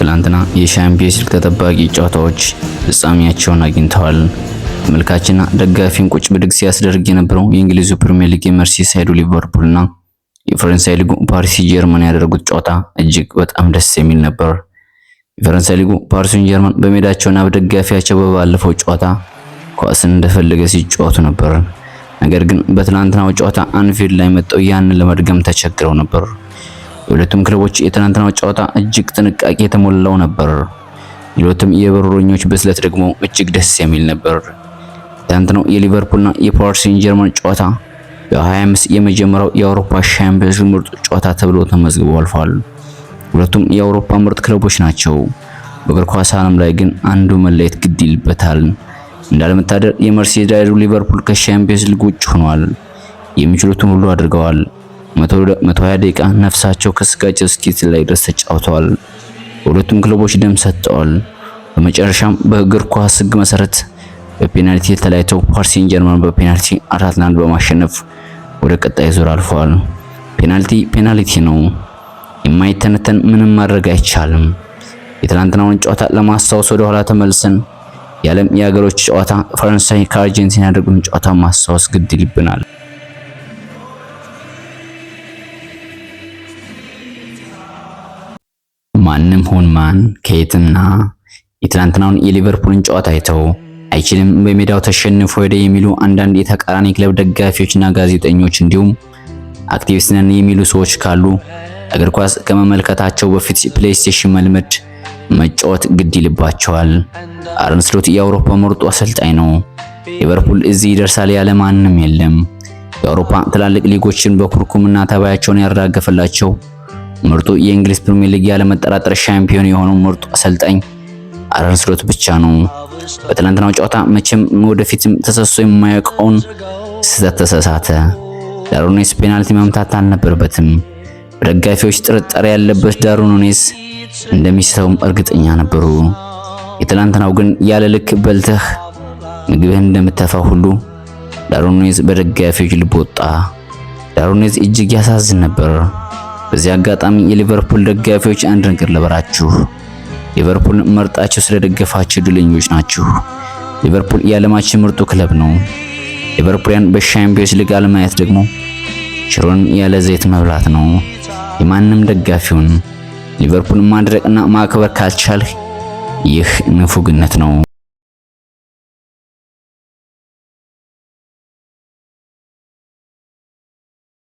ትላንትና የሻምፒየንስ ሊግ ተጠባቂ ጨዋታዎች ፍጻሜያቸውን አግኝተዋል። ተመልካችና ደጋፊን ቁጭ ብድግ ሲያስደርግ የነበረው የእንግሊዙ ፕሪሚየር ሊግ የመርሲሳይዱ ሊቨርፑልና የፈረንሳይ ሊጉ ፓሪስ ጀርመን ያደረጉት ጨዋታ እጅግ በጣም ደስ የሚል ነበር። የፈረንሳይ ሊጉ ፓሪሲን ጀርመን በሜዳቸውና በደጋፊያቸው በባለፈው ጨዋታ ኳስን እንደፈለገ ሲጫወቱ ነበር። ነገር ግን በትላንትናው ጨዋታ አንፊልድ ላይ መጠው ያንን ለመድገም ተቸግረው ነበር። የሁለቱም ክለቦች የትናንትናው ጨዋታ እጅግ ጥንቃቄ የተሞላው ነበር። ሁለቱም የበረኞች ብስለት ደግሞ እጅግ ደስ የሚል ነበር። ትናንትናው የሊቨርፑልና የፓሪስ ሴን ጀርመን ጨዋታ በ25 የመጀመሪያው የአውሮፓ ሻምፒዮንስ ምርጥ ጨዋታ ተብሎ ተመዝግቦ አልፏል። ሁለቱም የአውሮፓ ምርጥ ክለቦች ናቸው። በእግር ኳስ ዓለም ላይ ግን አንዱ መለየት ግድ ይልበታል። እንዳለመታደር የመርሴዳይዱ ሊቨርፑል ከሻምፒዮንስ ሊግ ውጭ ሆኗል። የሚችሉትን ሁሉ አድርገዋል። 120 ደቂቃ ነፍሳቸው ከስጋቸው እስኪት ላይ ድረስ ተጫውተዋል። ሁለቱም ክለቦች ደም ሰጥተዋል። በመጨረሻም በእግር ኳስ ህግ መሰረት በፔናልቲ ተለያይተው ፓርሲን ጀርመን በፔናልቲ አራት ለአንድ በማሸነፍ ወደ ቀጣይ ዙር አልፏል። ፔናልቲ ፔናልቲ ነው፣ የማይተነተን ምንም ማድረግ አይቻልም። የትላንትናውን ጨዋታ ለማስታወስ ወደ ኋላ ተመልሰን የዓለም የሀገሮች ጨዋታ ፈረንሳይ ከአርጀንቲና ያደርጉን ጨዋታ ማስታወስ ግድ ይልብናል። ማንም ሆን ማን ከየትና የትናንትናውን የሊቨርፑልን ጨዋታ አይተው አይችልም በሜዳው ተሸንፎ ሄደ የሚሉ አንዳንድ የተቃራኒ ክለብ ደጋፊዎችና ጋዜጠኞች እንዲሁም አክቲቪስት ነን የሚሉ ሰዎች ካሉ እግር ኳስ ከመመልከታቸው በፊት ፕሌይስቴሽን መልመድ መጫወት ግድ ይልባቸዋል። አርነ ስሎት የአውሮፓ ምርጡ አሰልጣኝ ነው። ሊቨርፑል እዚህ ይደርሳል ያለ ማንም የለም። የአውሮፓ ትላልቅ ሊጎችን በኩርኩምና ተባያቸውን ያራገፈላቸው ምርጡ የእንግሊዝ ፕሪሚየር ሊግ ያለመጠራጠር ሻምፒዮን የሆነው ምርጡ አሰልጣኝ አርነ ስሎት ብቻ ነው። በትናንትናው ጨዋታ መቼም ወደፊትም ተሰሶ የማያውቀውን ስህተት ተሳሳተ። ፔናልቲ መምታት አልነበረበትም። በደጋፊዎች ጥርጣሬ ያለበት ዳርዊን ኑኔዝ እንደሚሰውም እርግጠኛ ነበሩ። የትላንትናው ግን ያለ ልክ በልተህ ምግብህን እንደምተፋ ሁሉ ዳርዊን በደጋፊዎች ልብ ወጣ። እጅግ ያሳዝን ነበር። በዚህ አጋጣሚ የሊቨርፑል ደጋፊዎች አንድ ነገር ልበራችሁ። ሊቨርፑልን መርጣችሁ ስለደገፋችሁ ድለኞች ናችሁ። ሊቨርፑል የዓለማችን ምርጡ ክለብ ነው። ሊቨርፑሊያን በሻምፒዮንስ ሊግ አለማየት ደግሞ ሽሮን ያለ ዘይት መብላት ነው። የማንም ደጋፊውን ሊቨርፑል ማድረቅና ማክበር ካልቻልህ ይህ ንፉግነት ነው።